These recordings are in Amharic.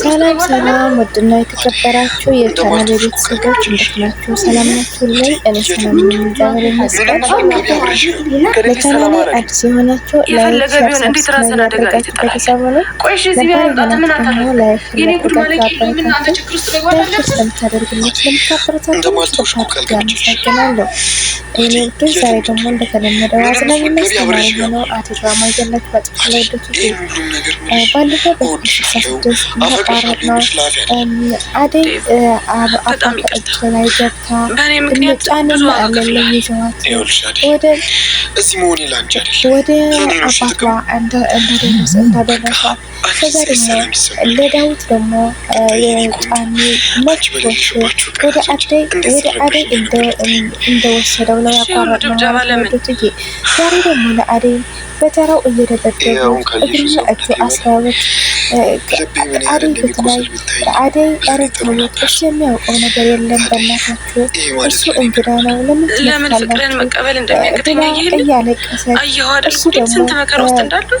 ሰላም ሰላም፣ ውድና የተከበራችሁ የቻናል ቤተሰቦች እንዴት ናችሁ? ሰላም ናችሁ? ላይ እኔ ሰላም ጃምር መስጠት ለቻናል አዲስ የሆናችሁ ለምታደርግለት ለምታበረታችሁ አመሰግናለሁ። ይህንን ዛሬ ደግሞ እንደተለመደው አዝናኝ አስተማሪ የሆነው አቶ ነው። አደይ አባጣቸው ላይ ገብታ ብንጫን አለለኝ ወደ ወደ አባቷ እንዳደረሰ ከዛ ደግሞ ለዳዊት ደግሞ የጫኑ መች ወደ አደይ ወደ አደይ እንደወሰደው ነው ያቋረጥነው። ዛሬ ደግሞ ለአደይን በተራው እየደበደቡ እግርና እጁ አስራበት አደይ ብትላይ አደይ ረታወት እሱ የሚያውቀው ነገር የለም። በእናታችሁ እሱ እንግዳ ነው ለምን ትመካላችሁ? እያለቀሰች እሱ ደግሞ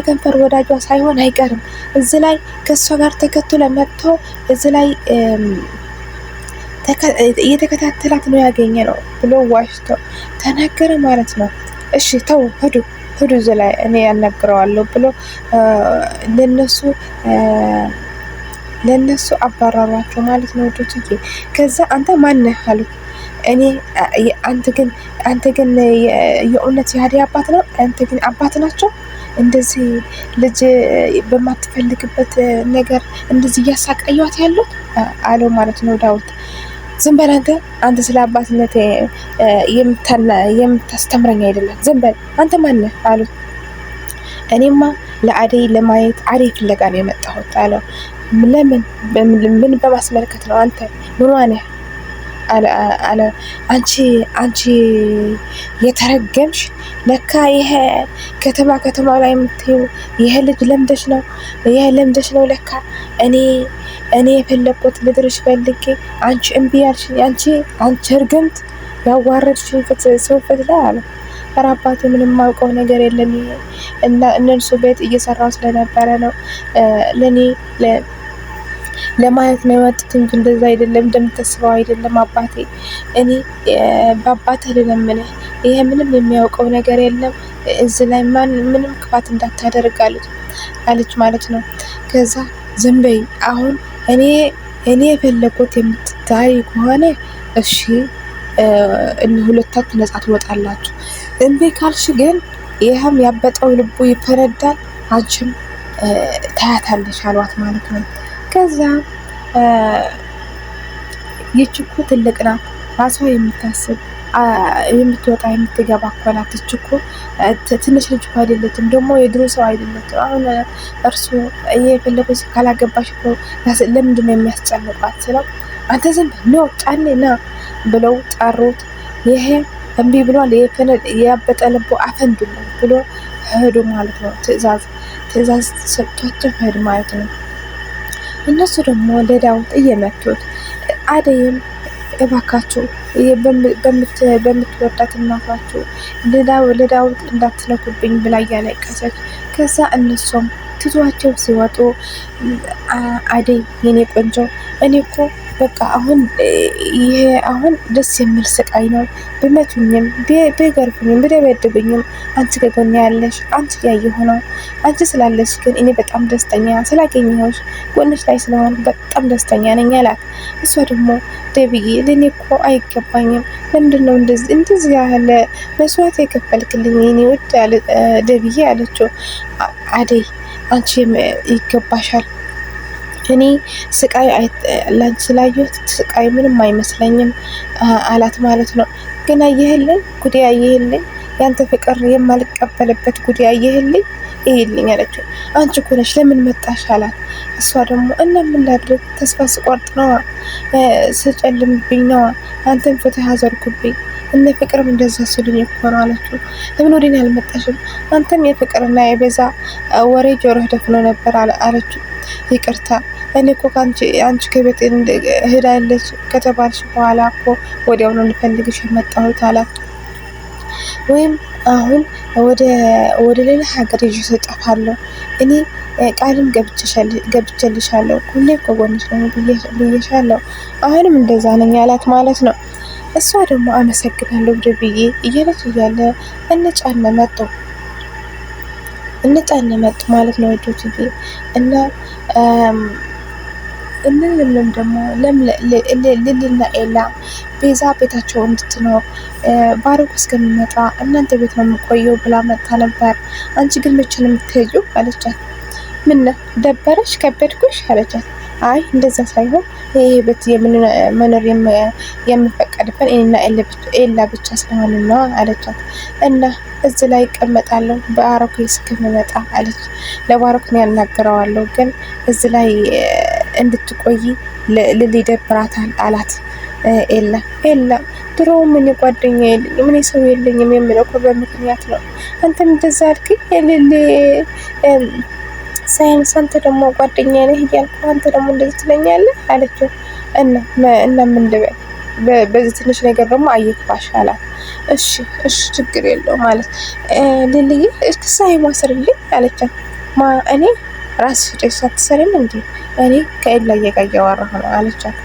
የከንፈር ወዳጇ ሳይሆን አይቀርም። እዚ ላይ ከእሷ ጋር ተከትሎ መጥቶ እዚ ላይ እየተከታተላት ነው ያገኘ ነው ብሎ ዋሽቶ ተናገረ ማለት ነው። እሺ ተው ሂዱ ሂዱ እዚህ ላይ እኔ ያነግረዋለሁ ብሎ ለነሱ ለነሱ አባራሯቸው ማለት ነው። ዶችጌ ከዛ አንተ ማን አሉት። እኔ አንተ ግን አንተ ግን የእውነት የሀዲ አባት ነው አንተ ግን አባት ናቸው እንደዚህ ልጅ በማትፈልግበት ነገር እንደዚህ እያሳቀያት ያሉት አለው ማለት ነው ዳዊት። ዝም በል አንተ አንተ ስለ አባትነት የምታስተምረኝ አይደለም። ዝም በል አንተ ማን አሉት። እኔማ ለአደይ ለማየት አደይ ፍለጋ ነው የመጣሁት አለው። ለምን ምን በማስመልከት ነው አንተ ምኗ አንቺ አንቺ የተረገምሽ ለካ ይሄ ከተማ ከተማ ላይ የምትይው ይሄ ልጅ ለምደሽ ነው ይሄ ለምደሽ ነው ለካ እኔ እኔ የፈለግኩት ልድርሽ ፈልጌ አንቺ እምቢ ያልሽኝ አንቺ አንቺ እርግምት ያዋረድሽኝ ሰው ፊት ላይ አለ። አባቱ ምንም ማውቀው ነገር የለም እና እነሱ ቤት እየሰራው ስለነበረ ነው ለእኔ ለማየት ነው የመጡት እንጂ እንደዛ አይደለም፣ እንደምታስበው አይደለም። አባቴ እኔ በአባትህ ልለምንህ፣ ይሄ ምንም የሚያውቀው ነገር የለም፣ እዚህ ላይ ማን ምንም ክፋት እንዳታደርግ አለች አለች ማለት ነው። ከዛ ዝም በይ አሁን እኔ እኔ የፈለጉት የምትታይ ከሆነ እሺ ሁለታችሁ ነጻ ትወጣላችሁ። እምቢ ካልሽ ግን ይህም ያበጠው ልቡ ይፈረዳል፣ አንቺም ታያታለሽ አሏት ማለት ነው። ከዛ ይች እኮ ትልቅ ናት፣ ራሷ የምታስብ የምትወጣ የምትገባ እኮ ናት። ይች እኮ ትንሽ ልጅ እኮ አይደለችም፣ ደግሞ የድሮ ሰው አይደለችም። አሁን እርሱ የፈለገች ካላገባሽ እኮ ለምንድን ነው የሚያስጨንቋት ስለው አንተ ዝም ነው ጫኔ ና ብለው ጠሩት። ይሄ እምቢ ብሏል ያበጠ ልቦ አፈንዱ ብሎ ሄዱ ማለት ነው። ትእዛዝ ትእዛዝ ሰጥቷቸው ሄድ ማለት ነው። እነሱ ደግሞ ለዳውት እየመቱት አደይም እባካችሁ በምትወዳት እናቷችሁ ለዳውት እንዳትነኩብኝ ብላ እያለቀሰች ከዛ እነሱም ትቷቸው ሲወጡ አደይ የኔ ቆንጆ እኔ እኮ በቃ አሁን ይሄ አሁን ደስ የሚል ስቃይ ነው። ብመቱኝም ብገርፉኝም ብደበድብኝም አንቺ ከጎኔ ያለሽ አንቺ እያየሁ ነው። አንቺ ስላለሽ ግን እኔ በጣም ደስተኛ ስላገኘሁሽ ጎንሽ ላይ ስለሆን በጣም ደስተኛ ነኝ አላት። እሷ ደግሞ ደብዬ ለእኔ እኮ አይገባኝም። ለምንድን ነው እንደዚህ ያለ መስዋዕት የከፈልክልኝ እኔ ውድ ደብዬ አለችው። አደይ አንቺ ይገባሻል እኔ ስቃይ ስላየሁት ስቃይ ምንም አይመስለኝም አላት ማለት ነው። ግን አየህልኝ ጉዴ አየህልኝ ያንተ ፍቅር የማልቀበልበት ጉዴ አየህልኝ ይሄልኝ አለችው። አንቺ እኮ ነሽ ለምን መጣሽ አላት። እሷ ደግሞ እና ምን ላድርግ ተስፋ ስቆርጥ ነዋ ስጨልምብኝ ነዋ አንተን ፍትህ አዘርኩብኝ እነ ፍቅርም እንደዛ ሲሉኝ እኮ ነው አለችው። ለምን ወደኔ አልመጣሽም? አንተም የፍቅርና የቤዛ ወሬ ጆሮህ ደፍኖ ነበር አለችው። ይቅርታ እኔ እኮ አንቺ ከቤት ሄዳለች ከተባልሽ በኋላ እኮ ወዲያውኑ ልፈልግሽ የመጣሁት አላት። ወይም አሁን ወደ ሌላ ሀገር ይዤ እጠፋለሁ እኔ ቃልም ገብቼልሻለሁ ሁሌ ከጎንሽ ነኝ ብዬሻለሁ። አሁንም እንደዛ ነኝ አላት ማለት ነው። እሷ ደግሞ አመሰግናለሁ ብዬ እየለች እያለ እንጫን መጡ እንጫን መጡ ማለት ነው ወዶች ጊዜ እና እንልምልም ደግሞ ልልና ኤላ ቤዛ ቤታቸው እንድትኖር ባሮክ እስከሚመጣ እናንተ ቤት ነው የምቆየው ብላ መጣ ነበር። አንቺ ግን መቼ ነው የምትሄጂው አለቻት። ምን ደበረሽ ከበድኩሽ አለቻት። አይ እንደዛ ሳይሆን ይሄ ቤት መኖር የምፈቅ የሚፈቀድብን እኔና ኤላ ብቻ ስለሆን ነው አለቻት። እና እዚ ላይ ይቀመጣለሁ በባሮክ እስክንመጣ አለች። ለባሮክ ነው ያናግረዋለሁ፣ ግን እዚ ላይ እንድትቆይ ልል አላት። ኤላ ኤላ ድሮ ምን ጓደኛ የለኝም እኔ ሰው የለኝም የምለው እኮ በምክንያት ነው። አንተም እንደዛ አልክኝ ሳይንስ አንተ ደግሞ ጓደኛ ነህ እያልኩ አንተ ደግሞ እንደዚህ ትለኛለህ አለችው። እና እና ምን ልበል በዚህ ትንሽ ነገር ደግሞ አይክፋሽ አላት። እሺ እሺ ችግር የለውም ማለት ልልይ እስክሳ ማሰርልኝ አለቻት። ማ እኔ ራስ ፍጨሽ ሳትሰሪም እንዴ? እኔ ከኤላ እየጋ እያወራሁ ነው አለቻት።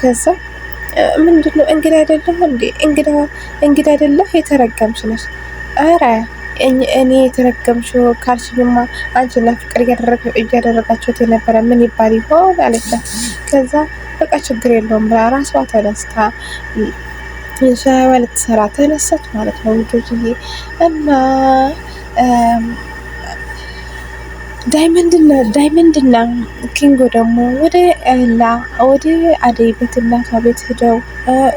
ከዛ ምንድን ነው እንግዳ አይደለሁ እንዴ እንግዳ እንግዳ አይደለሁ የተረገምሽ ነሽ። ኧረ እኔ የተረገምሽው ካልሽኝማ አንቺና ፍቅር እያደረጋችሁት የነበረ ምን ይባል ይሆን አለቻት። ከዛ በቃ ችግር የለውም ብላ ራሷ ተነስታ ሻይዋ ልትሰራ ተነሳች ማለት ነው ልጆችዬ እና ዳይመንድና ዳይመንድና ኪንጎ ደግሞ ወደ ላ ወደ አደይ ቤት እናቷ ቤት ሄደው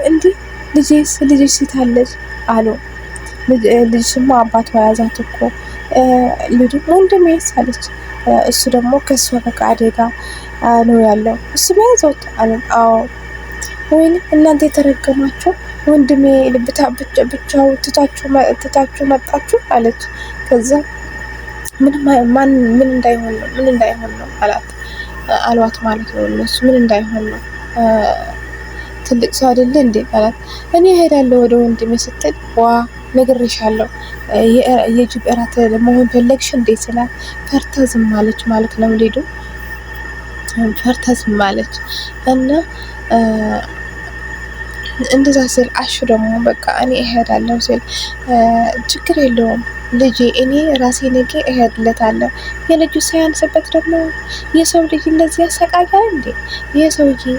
እንዲህ ልጅስ ልጅሽ ሲታለች አሉ። ልጅሽማ አባቷ ያዛት እኮ ልጁ ወንድሜ አለች። እሱ ደግሞ ከእሷ ፈቃድ አደጋ ነው ያለው። እሱ መያዘውት አለን። አዎ ወይም እናንተ የተረገማችሁ ወንድሜ ብቻው ትታችሁ መጣችሁ አለች። ከዛ ምን እንዳይሆን ነው ምን እንዳይሆን ነው አላት አልዋት ማለት ነው እነሱ ምን እንዳይሆን ነው ትልቅ ሰው አይደለ እንዴ አላት። እኔ እሄዳለሁ ወደ ወንድሜ ስትል ዋ ነግሬሻለሁ የጅብ እራት ለመሆን ፈለግሽ እንዴ ስላት ፈርታ ዝም አለች ማለት ነው። ሊዱ ፈርታ ዝም አለች እና እንደዛ ስል አሹ ደግሞ በቃ እኔ እሄዳለሁ ስል ችግር የለውም ልጄ እኔ ራሴ ነገ እሄድለታለሁ። የልጁ ሳያንስበት ደግሞ የሰው ልጅ እንደዚህ ያሰቃያል እንዴ? ይህ ሰውዬ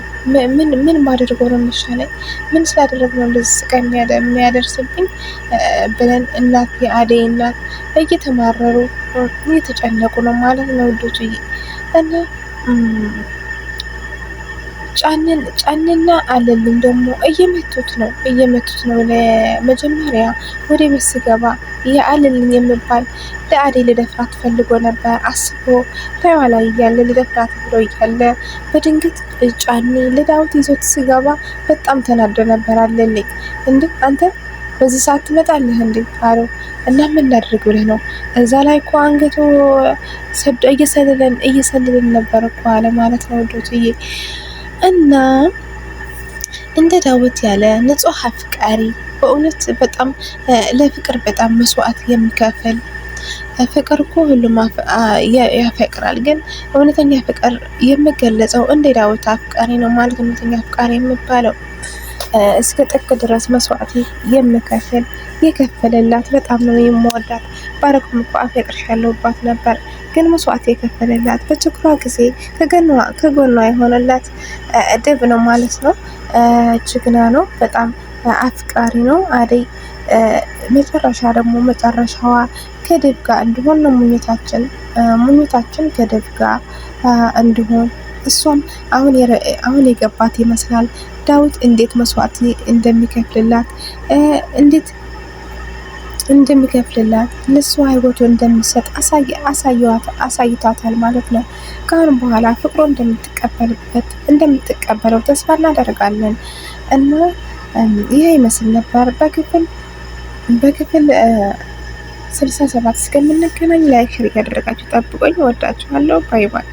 ምን ምን ማድረጎ ነው የሚሻለኝ? ምን ስላደረግ ነው እንደዚህ ስቃ የሚያደርስብኝ? ብለን እናት የአደይ እናት እየተማረሩ እየተጨነቁ ነው ማለት ነው ልጅ እና ጫንን ጫንና አለልኝ ደግሞ እየመቱት ነው እየመቱት ነው። ለመጀመሪያ ወደ ቤት ስገባ የአለልኝ የምባል ለአዴ ልደፍራት ፈልጎ ነበር አስቦ ላይዋ ላይ እያለ ልደፍራት ብሎ እያለ በድንገት ጫኔ ልዳውት ይዞት ስገባ በጣም ተናዶ ነበር። አለልኝ እንዴ አንተ በዚህ ሰዓት ትመጣለህ እንዴ አለው። እና ምን ላድርግ ብለህ ነው? እዛ ላይ እኮ አንገቶ ሰዶ እየሰልለን እየሰልልን ነበር እኮ አለ ማለት ነው ዶትዬ እና እንደ ዳዊት ያለ ንጹህ አፍቃሪ በእውነት በጣም ለፍቅር በጣም መስዋዕት የሚከፍል ፍቅር እኮ ሁሉም ያፈቅራል፣ ግን እውነተኛ ፍቅር የሚገለጸው እንደ ዳዊት አፍቃሪ ነው ማለት እውነተኛ አፍቃሪ የሚባለው እስከ ጥቅ ድረስ መስዋዕት የምከፍል የከፈለላት በጣም ነው የምወዳት ባረኩም እኮ አፈቅርሻለሁ ባት ነበር ግን መስዋዕት የከፈለላት በችግሯ ጊዜ ከጎኗ የሆነላት ደብ ነው ማለት ነው። ጀግና ነው። በጣም አፍቃሪ ነው። አደይ መጨረሻ ደግሞ መጨረሻዋ ከደብ ጋር እንዲሆን ነው ምኞታችን። ምኞታችን ከደብ ጋር እንዲሆን እሷም አሁን የገባት ይመስላል ዳዊት እንዴት መስዋዕት እንደሚከፍልላት እንዴት እንደሚከፍልላት ለእሷ ህይወቱን እንደሚሰጥ አሳይቷታል ማለት ነው። ከአሁን በኋላ ፍቅሮ እንደምትቀበልበት እንደምትቀበለው ተስፋ እናደርጋለን እና ይህ ይመስል ነበር በክፍል በክፍል ስልሳ ሰባት እስከምንገናኝ ላይክ ሸር እያደረጋችሁ ጠብቆኝ። እወዳችኋለሁ። ባይ ባይ።